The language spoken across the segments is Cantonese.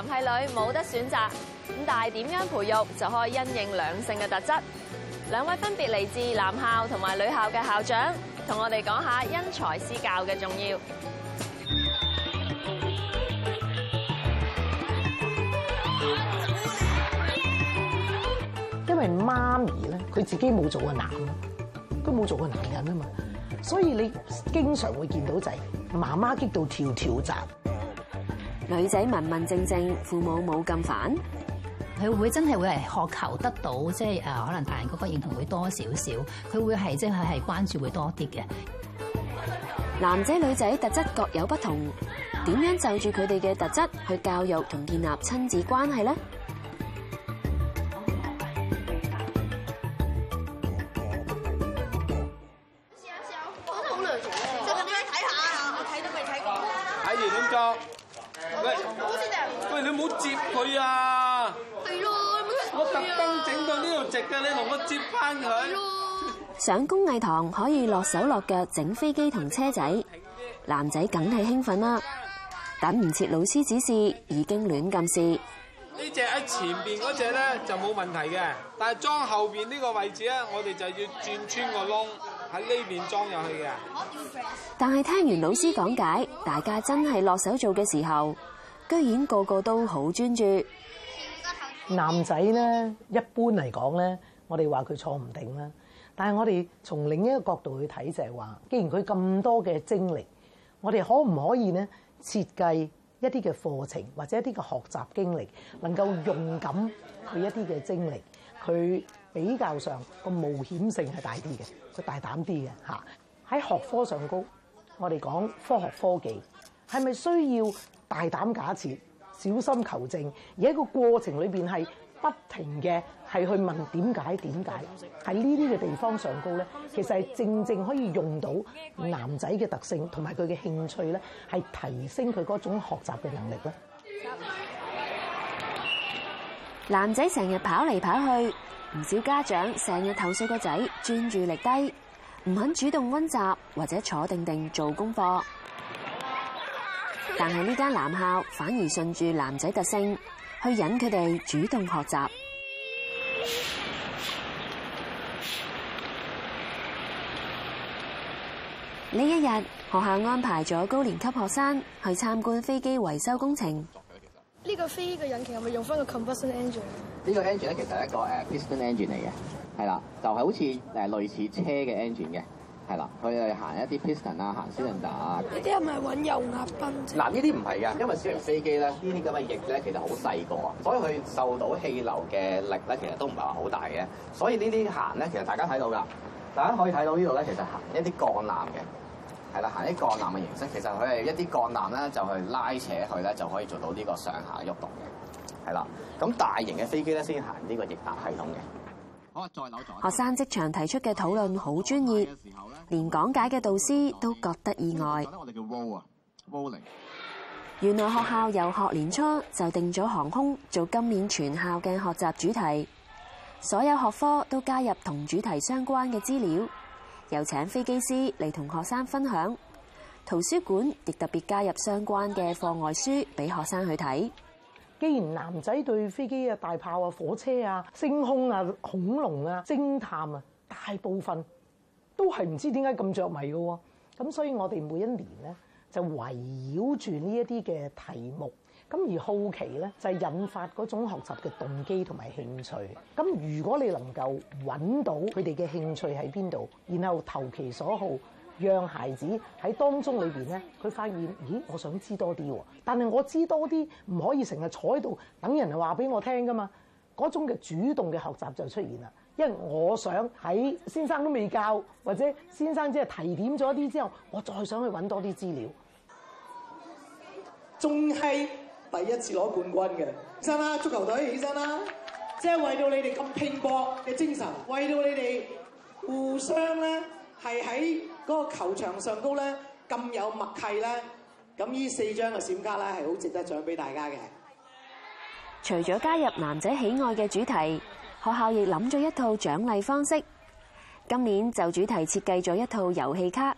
男係女冇得選擇，咁但係點樣培育就可以因應兩性嘅特質。兩位分別嚟自男校同埋女校嘅校長，同我哋講下因材施教嘅重要。因為媽咪咧，佢自己冇做過男，都冇做過男人啊嘛，所以你經常會見到就係媽媽激到跳跳閘。女仔文文靜靜，父母冇咁煩，佢會唔會真係會係渴求得到，即係誒，可能大人嗰個認同會多少少，佢會係即係佢係關注會多啲嘅。男仔女仔特質各有不同，點樣就住佢哋嘅特質去教育同建立親子關係咧？上工藝堂可以落手落腳整飛機同車仔，男仔梗係興奮啦。等唔切老師指示，已經亂咁試。呢隻喺前邊嗰隻咧就冇問題嘅，但係裝後邊呢個位置咧，我哋就要轉穿個窿喺呢邊裝入去嘅。但係聽完老師講解，大家真係落手做嘅時候，居然個個都好專注。男仔咧，一般嚟講咧，我哋話佢坐唔定啦，但係我哋從另一個角度去睇就係話，既然佢咁多嘅精力，我哋可唔可以呢設計一啲嘅課程或者一啲嘅學習經歷，能夠用緊佢一啲嘅精力，佢比較上個冒險性係大啲嘅，佢大膽啲嘅吓。喺學科上高，我哋講科學科技係咪需要大膽假設、小心求證，而喺個過程裏面係？不停嘅係去問點解點解，喺呢啲嘅地方上高咧，其實係正正可以用到男仔嘅特性同埋佢嘅興趣咧，係提升佢嗰種學習嘅能力咧。男仔成日跑嚟跑去，唔少家長成日投訴個仔專注力低，唔肯主動溫習或者坐定定做功課。但係呢間男校反而順住男仔特性。去引佢哋主動學習。呢一日學校安排咗高年級學生去參觀飛機維修工程。呢個飛機嘅引擎係咪用翻個 combustion engine？呢個 engine 咧其實係一個誒 piston engine 嚟嘅，係啦，就係、是、好似誒類似車嘅 engine 嘅。係啦，佢去行一啲 piston 啊，行斯特林打啊。呢啲係咪揾油壓泵？嗱，呢啲唔係㗎，因為小型飛機咧，呢啲咁嘅翼咧，其實好細個，所以佢受到氣流嘅力咧，其實都唔係話好大嘅。所以呢啲行咧，其實大家睇到㗎，大家可以睇到呢度咧，其實行一啲鋼纜嘅，係啦，行一啲鋼纜嘅形式，其實佢係一啲鋼纜咧，就去拉扯佢咧，就可以做到呢個上下喐動嘅，係啦。咁大型嘅飛機咧，先行呢個液壓系統嘅。學生即場提出嘅討論好專業，連講解嘅導師都覺得意外。原來學校由學年初就定咗航空做今年全校嘅學習主題，所有學科都加入同主題相關嘅資料，又請飛機師嚟同學生分享。圖書館亦特別加入相關嘅課外書俾學生去睇。既然男仔對飛機啊、大炮啊、火車啊、星空啊、恐龍啊、偵探啊，大部分都係唔知點解咁着迷嘅喎，咁所以我哋每一年咧就圍繞住呢一啲嘅題目，咁而好奇咧就係引發嗰種學習嘅動機同埋興趣。咁如果你能夠揾到佢哋嘅興趣喺邊度，然後投其所好。讓孩子喺當中裏邊咧，佢發現咦，我想知多啲喎。但係我知多啲唔可以成日坐喺度等人話俾我聽㗎嘛。嗰種嘅主動嘅學習就出現啦，因為我想喺先生都未教，或者先生只係提點咗一啲之後，我再想去揾多啲資料。仲係第一次攞冠軍嘅，起身啦！足球隊起身啦！即係為到你哋咁拼搏嘅精神，為到你哋互相咧係喺。嗰個球場上高呢，咁有默契呢，噉呢四張嘅閃卡呢係好值得獎俾大家嘅。除咗加入男仔喜愛嘅主題，學校亦諗咗一套獎勵方式。今年就主題設計咗一套遊戲卡，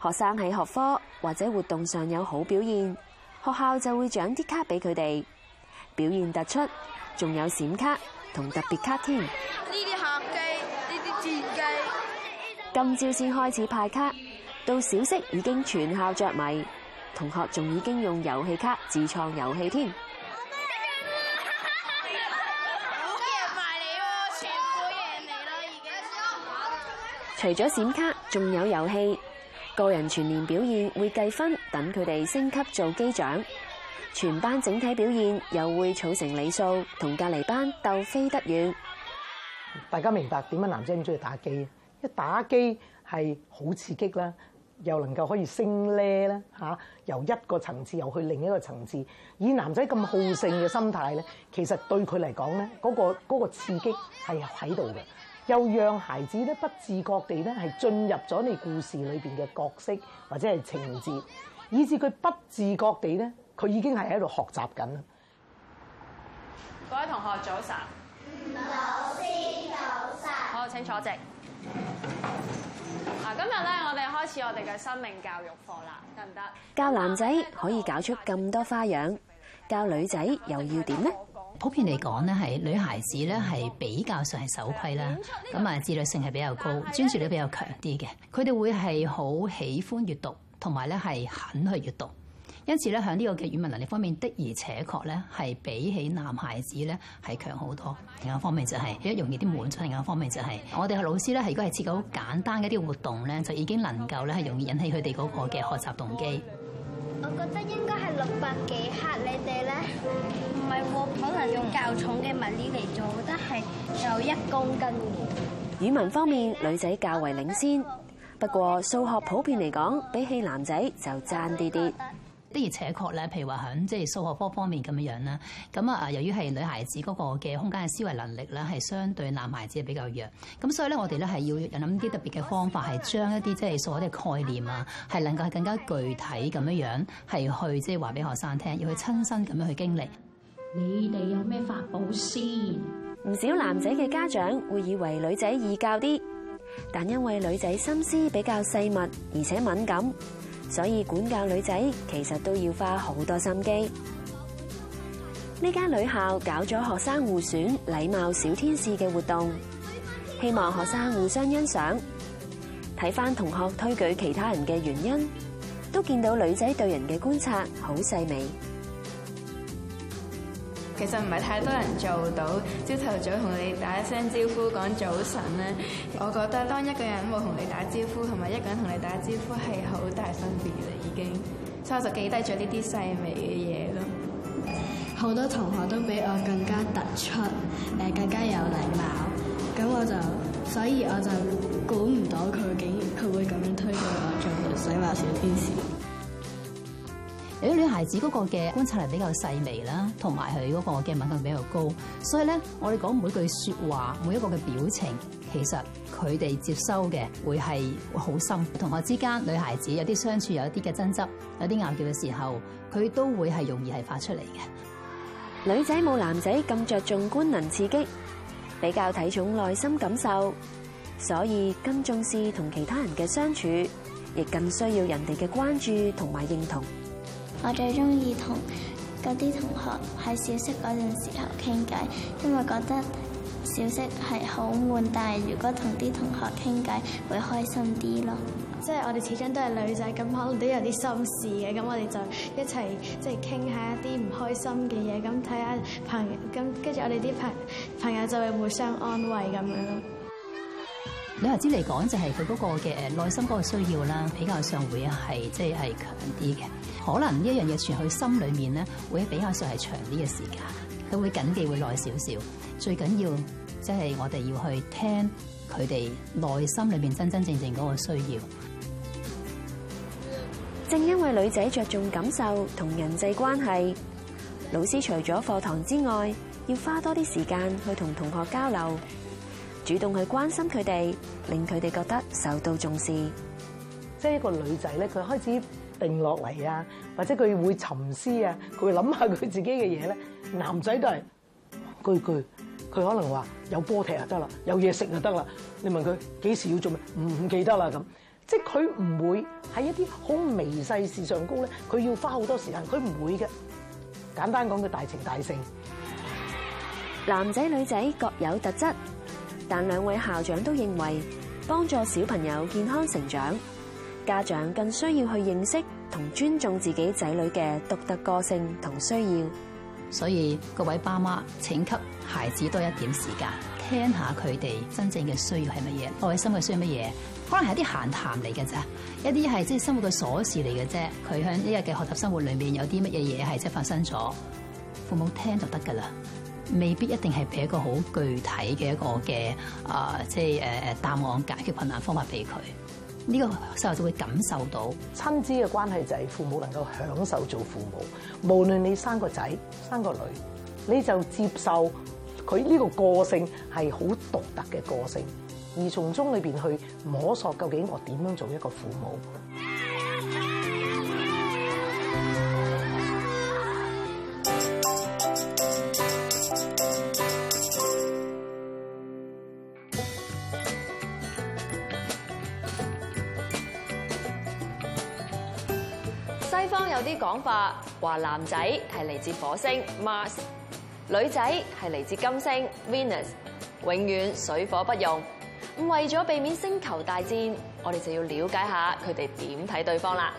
學生喺學科或者活動上有好表現，學校就會獎啲卡俾佢哋。表現突出，仲有閃卡同特別卡添。今朝先開始派卡，到小息已經全校着迷，同學仲已經用遊戲卡自創遊戲添。除咗閃卡，仲有遊戲，個人全年表現會計分，等佢哋升級做機長。全班整體表現又會儲成里數，同隔籬班鬥飛得遠。大家明白點解男仔咁中意打機？一打機係好刺激啦，又能夠可以升 level 啦，嚇由一個層次又去另一個層次。以男仔咁好勝嘅心態咧，其實對佢嚟講咧，嗰個嗰個刺激係喺度嘅，又讓孩子咧不自覺地咧係進入咗你故事裏邊嘅角色或者係情節，以至佢不自覺地咧，佢已經係喺度學習緊。各位同學早晨，老師早晨，好請坐席。嗱，今日咧，我哋開始我哋嘅生命教育課啦，得唔得？教男仔可以搞出咁多花樣，教女仔又要點呢？普遍嚟講咧，係女孩子咧係比較上係守規啦，咁啊自律性係比較高，專注力比較強啲嘅，佢哋會係好喜歡閱讀，同埋咧係肯去閱讀。因此咧，喺呢個嘅語文能力方面，的而且確咧，係比起男孩子咧係強好多。另一方面就係比較容易啲滿足。另一方面就係我哋嘅老師咧，係如果係設計好簡單嘅一啲活動咧，就已經能夠咧係容易引起佢哋嗰個嘅學習動機。我覺得應該係六百幾克，你哋咧唔係喎，可能用較重嘅物料嚟做，我覺得係有一公斤嘅。語文方面，女仔較為領先。不過數學普遍嚟講，比起男仔就爭啲啲。的而且確咧，譬如話喺即係數學科方面咁樣樣啦，咁啊由於係女孩子嗰個嘅空間嘅思維能力咧，係相對男孩子比較弱，咁所以咧我哋咧係要諗啲特別嘅方法，係將一啲即係數學嘅概念啊，係能夠係更加具體咁樣樣，係去即係話俾學生聽，要去親身咁樣去經歷。你哋有咩法寶先？唔少男仔嘅家長會以為女仔易教啲，但因為女仔心思比較細密，而且敏感。所以管教女仔，其實都要花好多心機。呢間女校搞咗學生互選禮貌小天使嘅活動，希望學生互相欣賞。睇返同學推舉其他人嘅原因，都見到女仔對人嘅觀察好細微。其實唔係太多人做到朝頭早同你打一聲招呼講早晨咧，我覺得當一個人冇同你打招呼，同埋一個人同你打招呼係好大分別啦，已經。所以我就記低咗呢啲細微嘅嘢咯。好多同學都比我更加突出，誒更加有禮貌。咁我就所以我就估唔到佢竟然佢會咁樣推舉我做，所以小天使。有啲女孩子嗰個嘅觀察力比較細微啦，同埋佢嗰個嘅敏感比較高，所以咧，我哋講每句説話，每一個嘅表情，其實佢哋接收嘅會係好深。同學之間，女孩子有啲相處，有一啲嘅爭執，有啲拗撬嘅時候，佢都會係容易係發出嚟嘅。女仔冇男仔咁着重官能刺激，比較睇重內心感受，所以更重視同其他人嘅相處，亦更需要人哋嘅關注同埋認同。我最中意同嗰啲同學喺小息嗰陣時候傾偈，因為覺得小息係好悶，但係如果同啲同學傾偈會開心啲咯。即係我哋始終都係女仔咁，可能都有啲心事嘅，咁我哋就一齊即係傾下一啲唔開心嘅嘢，咁睇下朋友，咁跟住我哋啲朋朋友就會互相安慰咁樣咯。女孩子嚟講，來就係佢嗰個嘅誒內心嗰個需要啦，比較上會係即係強啲嘅。可能呢一樣嘢存佢心裏面咧，會比較上係長啲嘅時間。佢會緊記，會耐少少。最緊要即係我哋要去聽佢哋內心裏面真真正正嗰個需要。正因為女仔着重感受同人際關係，老師除咗課堂之外，要花多啲時間去同同學交流。主動去關心佢哋，令佢哋覺得受到重視。即係一個女仔咧，佢開始定落嚟啊，或者佢會沉思啊，佢會諗下佢自己嘅嘢咧。男仔都係句句，佢可能話有波踢就得啦，有嘢食就得啦。你問佢幾時要做咩，唔記得啦咁。即係佢唔會喺一啲好微細事上高咧，佢要花好多時間，佢唔會嘅。簡單講，佢大情大性。男仔女仔各有特質。但兩位校長都認為，幫助小朋友健康成長，家長更需要去認識同尊重自己仔女嘅獨特個性同需要。所以各位爸媽，請給孩子多一點時間，聽下佢哋真正嘅需要係乜嘢，內心嘅需要乜嘢。可能係一啲閒談嚟嘅啫，一啲係即係生活嘅瑣事嚟嘅啫。佢響呢日嘅學習生活裏面有啲乜嘢嘢係即係發生咗，父母聽就得噶啦。未必一定係俾一個好具體嘅一個嘅啊，即係誒答案解決困難方法俾佢。呢個細路就會感受到親子嘅關係，就係父母能夠享受做父母，無論你生個仔生個女，你就接受佢呢個個性係好獨特嘅個性，而從中裏面去摸索究竟我點樣做一個父母。啲講法話男仔係嚟自火星 （Mars），女仔係嚟自金星 （Venus），永遠水火不容。咁為咗避免星球大戰，我哋就要了解下佢哋點睇對方啦。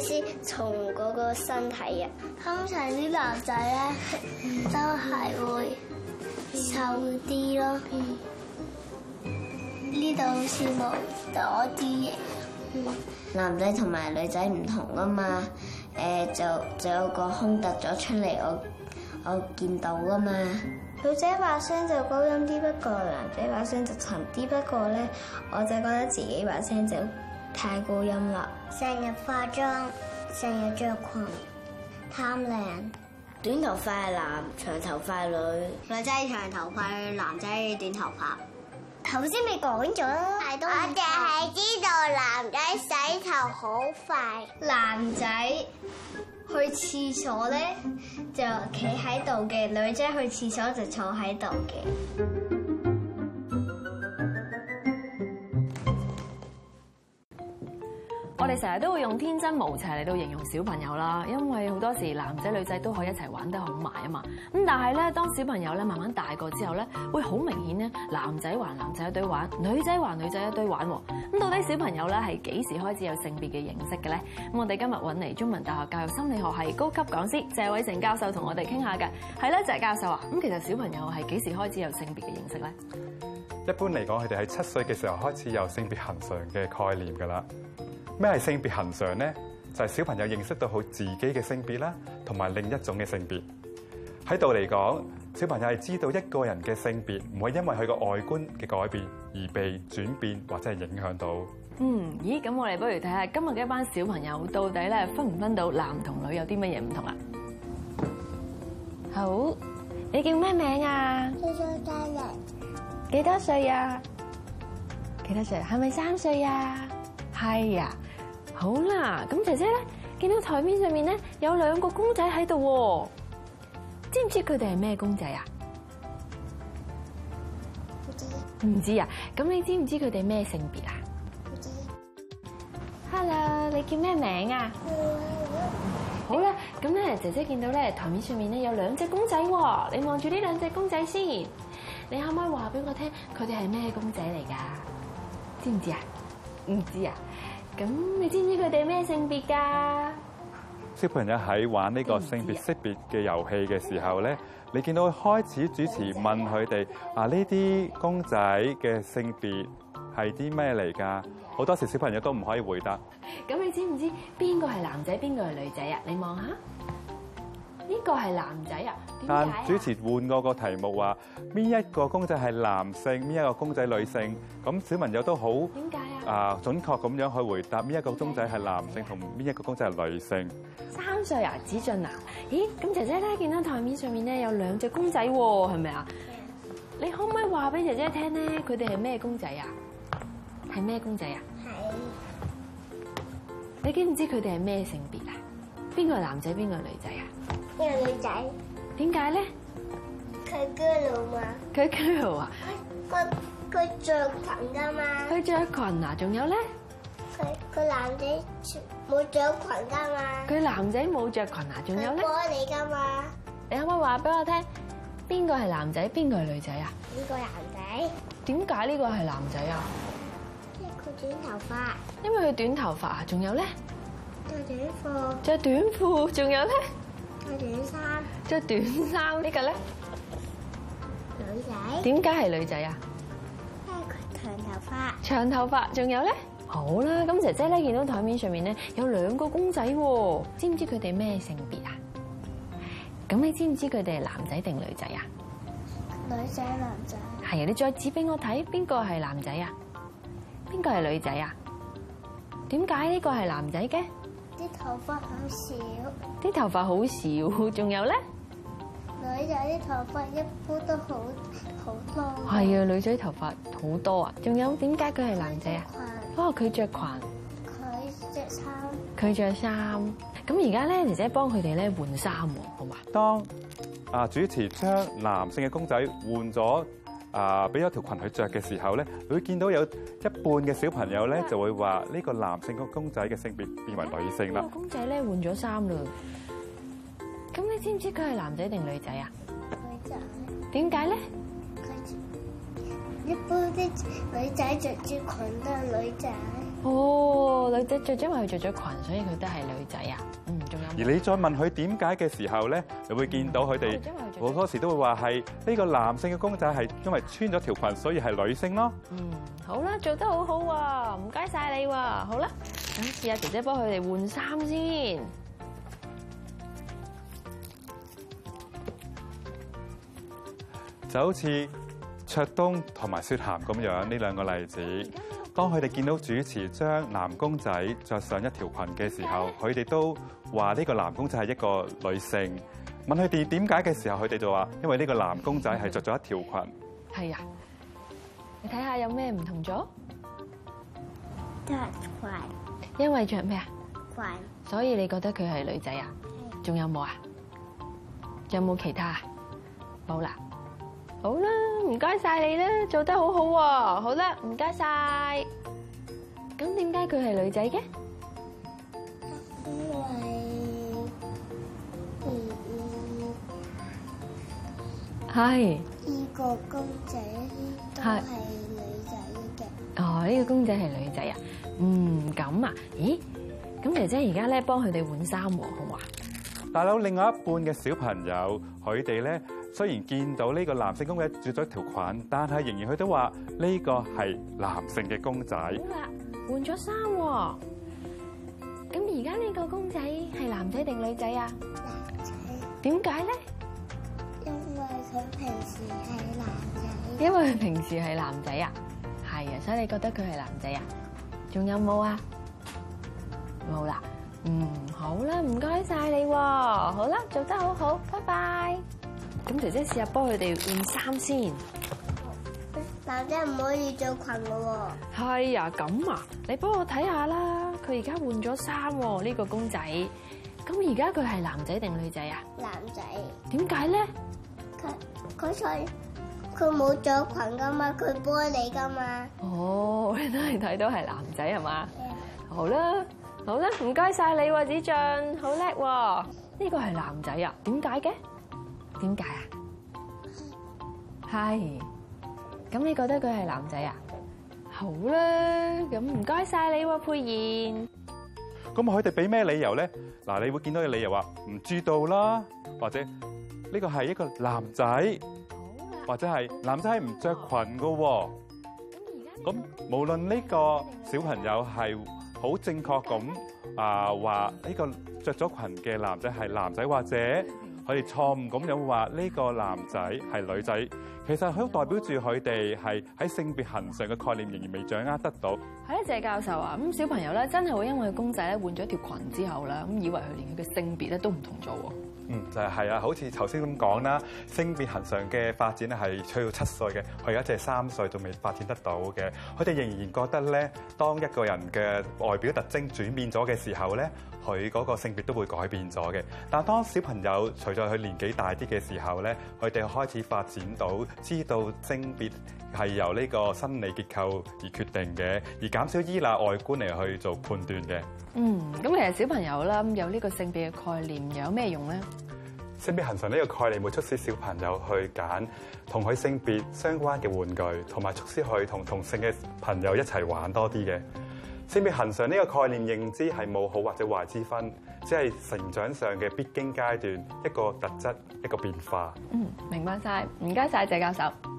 先從嗰個身體啊，通常啲男仔咧、嗯、都係會瘦啲咯。呢度好似冇咗啲嘢。男仔同埋女仔唔同噶嘛，誒就就有個胸凸咗出嚟，我我見到噶嘛。女仔把聲就高音啲，不過男仔把聲就沉啲，不過咧，我就覺得自己把聲就。太高音啦！成日化妝，成日着裙，貪靚。短頭髮男，長頭髮女。女仔長頭髮，男仔短頭髮。頭先咪講咗，我淨係知道男仔洗頭好快。男仔去廁所咧就企喺度嘅，女仔去廁所就坐喺度嘅。我哋成日都會用天真無邪嚟到形容小朋友啦，因為好多時男仔女仔都可以一齊玩得好埋啊嘛。咁但係咧，當小朋友咧慢慢大個之後咧，會好明顯咧，男仔還男仔一堆玩，女仔還女仔一堆玩。咁到底小朋友咧係幾時開始有性別嘅認識嘅咧？咁我哋今日搵嚟，中文大學教育心理學系高級講師謝偉成教授同我哋傾下嘅係咧，謝教授啊。咁其實小朋友係幾時開始有性別嘅認識咧？一般嚟講，佢哋喺七歲嘅時候開始有性別恒常嘅概念噶啦。咩係性別恒常呢？就係小朋友認識到好自己嘅性別啦，同埋另一種嘅性別。喺度嚟講，小朋友係知道一個人嘅性別唔會因為佢個外觀嘅改變而被轉變或者係影響到。嗯，咦？咁我哋不如睇下今日嘅一班小朋友到底呢分唔分到男同女有啲乜嘢唔同啊？好，你叫咩名啊？叫做大仁。幾多歲呀？幾多歲？係咪三歲呀？係呀。好啦，咁姐姐咧見到台面上面咧有兩個公仔喺度，知唔知佢哋係咩公仔啊？唔知，唔知，啊。咁你知唔知佢哋咩性別啊？唔知。Hello，你叫咩名啊？嗯，好啦，咁咧姐姐見到咧台面上面咧有兩隻公，公，公仔，你望住呢兩隻公仔先，你可唔可以話俾我聽佢哋係咩公仔嚟噶？知唔知啊？唔知啊？咁你知唔知佢哋咩性別㗎？小朋友喺玩呢個性別識別嘅遊戲嘅時候咧，你見到開始主持問佢哋啊，呢啲公仔嘅性別係啲咩嚟㗎？好多時小朋友都唔可以回答。咁你知唔知邊個係男仔，邊個係女仔啊？你望下，呢個係男仔啊？但主持換過個題目話，邊一個公仔係男性，邊一個公仔女性，咁小朋友都好。啊，準確咁樣去回答呢一，一個公仔係男性同呢一個公仔係女性。三歲啊，子俊啊，咦？咁姐姐咧見到台面上面咧有兩隻公仔喎，係咪啊？是的 你可唔可以話俾姐姐聽咧？佢哋係咩公仔啊？係咩公仔啊？係。是的 你知唔知佢哋係咩性別啊？邊個係男仔，邊個係女仔啊？邊個女仔？點解咧？佢嬌女嘛。佢嬌女啊。佢着裙噶嘛？佢着裙啊？仲有咧？佢佢男仔冇着裙噶嘛？佢男仔冇着裙啊？仲有咧？你噶嘛？你可唔可以話俾我聽，邊個係男仔，邊個係女仔啊？呢個男仔。點解呢個係男仔啊？因為佢短頭髮。因為佢短頭髮啊？仲有咧？着短褲。着短褲，仲有咧？着短衫。着短衫，呢個咧？女仔。點解係女仔啊？長頭髮，仲有咧？好啦。咁姐姐咧，見到台面上面咧，有兩個公仔，知唔知佢哋咩性別啊？咁你知唔知佢哋係男仔定女仔啊？女仔男仔係啊！你再指俾我睇，邊個係男仔啊？邊個係女仔啊？點解呢個係男仔嘅？啲頭髮好少，啲頭髮好少，仲有咧？女仔啲頭髮一般都好好多。係啊，女仔頭髮好多啊，仲有點解佢係男仔啊？啊，佢着裙，佢着衫，佢着衫。咁而家咧，姐姐幫佢哋咧換衫，好嘛？當啊主持將男性嘅公仔換咗啊，俾咗條裙去着嘅時候咧，會見到有一半嘅小朋友咧就會話呢個男性個公仔嘅性別變為女性啦。公仔咧換咗衫啦。你知唔知佢係男仔定女仔啊？女仔。點解咧？佢一般啲女仔着住裙都係女仔。哦，女仔着住，因為佢着咗裙，所以佢都係女仔啊。嗯，仲有。而你再問佢點解嘅時候咧，你會見到佢哋好多時都會話係呢個男性嘅公仔係因為穿咗條裙，所以係女性咯。嗯，好啦，做得好好啊，唔該晒你喎。好啦，咁試下姐姐幫佢哋換衫先。就好似卓東同埋雪涵咁樣呢兩個例子，當佢哋見到主持將男公仔着上一條裙嘅時候，佢哋的都話呢個男公仔係一個女性。問佢哋點解嘅時候，佢哋就話因為呢個男公仔係着咗一條裙。係啊，你睇下有咩唔同咗？That's why 因為着咩啊？所以你覺得佢係女仔啊？仲 Yes. 有冇啊？仲有冇其他？冇啦。沒好啦，唔該晒你啦，做得好好喎，好啦，唔該晒。咁點解佢係女仔嘅？因為係呢個公仔都係女仔嘅。哦，呢個公仔係女仔啊？嗯，咁啊？咦，咁姐姐而家咧幫佢哋換衫喎，好唔好啊？大佬，另外一半嘅小朋友，佢哋咧。雖然見到呢個男性公仔著咗條裙，但係仍然佢都話呢個係男性嘅公仔。好啦，換咗衫。咁而家呢個公仔係男仔定女仔啊？男仔點解咧？因為佢平時係男仔。因為佢平時係男仔啊？係啊，所以你覺得佢係男仔啊？仲有冇啊？冇啦。嗯，好啦，唔該晒你。好啦，做得好好，拜拜。咁姐姐試下幫佢哋換衫先。男仔唔可以著裙噶喎。係呀，咁啊，你幫我睇下啦。佢而家換咗衫喎，呢個公仔。咁而家佢係男仔定女仔啊？男仔。點解咧？佢佢佢冇著裙噶嘛，佢 boy 嚟噶嘛。哦，你都係睇到係男仔係嘛？係啊。好啦，好啦，唔該曬你喎，子俊，好叻喎。呢個係男仔啊？點解嘅？點解啊？係，咁你覺得佢係男仔啊？好啦，咁唔該晒你喎，佩妍。咁佢哋俾咩理由咧？嗱，你會見到嘅理由話唔知道啦，或者呢個係一個男仔，或者係男仔唔着裙噶。咁而家無論呢個小朋友係好正確咁啊，話呢個着咗裙嘅男仔係男仔或者。佢哋錯誤咁有話呢個男仔係女仔，其實佢都代表住佢哋係喺性別層上嘅概念仍然未掌握得到。係啊，謝教授啊，咁小朋友咧真係會因為公仔咧換咗一條裙之後咧，咁以為佢連佢嘅性別咧都唔同咗喎。嗯，就係、係、啊，好似頭先咁講啦，性別恒常嘅發展咧係去到七歲嘅，佢而家只係三歲，仲未發展得到嘅。佢哋仍然覺得咧，當一個人嘅外表特徵轉變咗嘅時候咧，佢嗰個性別都會改變咗嘅。但係當小朋友隨住佢年紀大啲嘅時候咧，佢哋開始發展到知道性別係由呢個生理結構而決定嘅，而減少依賴外觀嚟去做判斷嘅。嗯，咁其實小朋友啦，有呢個性別嘅概念又有咩用咧？性別恒常呢個概念會促使小朋友去揀同佢性別相關嘅玩具，同埋促使佢同同性嘅朋友一齊玩多啲嘅。性別恒常呢個概念認知係冇好或者壞之分，只係成長上嘅必經階段，一個特質，一個變化。嗯，明白晒，唔該晒，謝謝教授。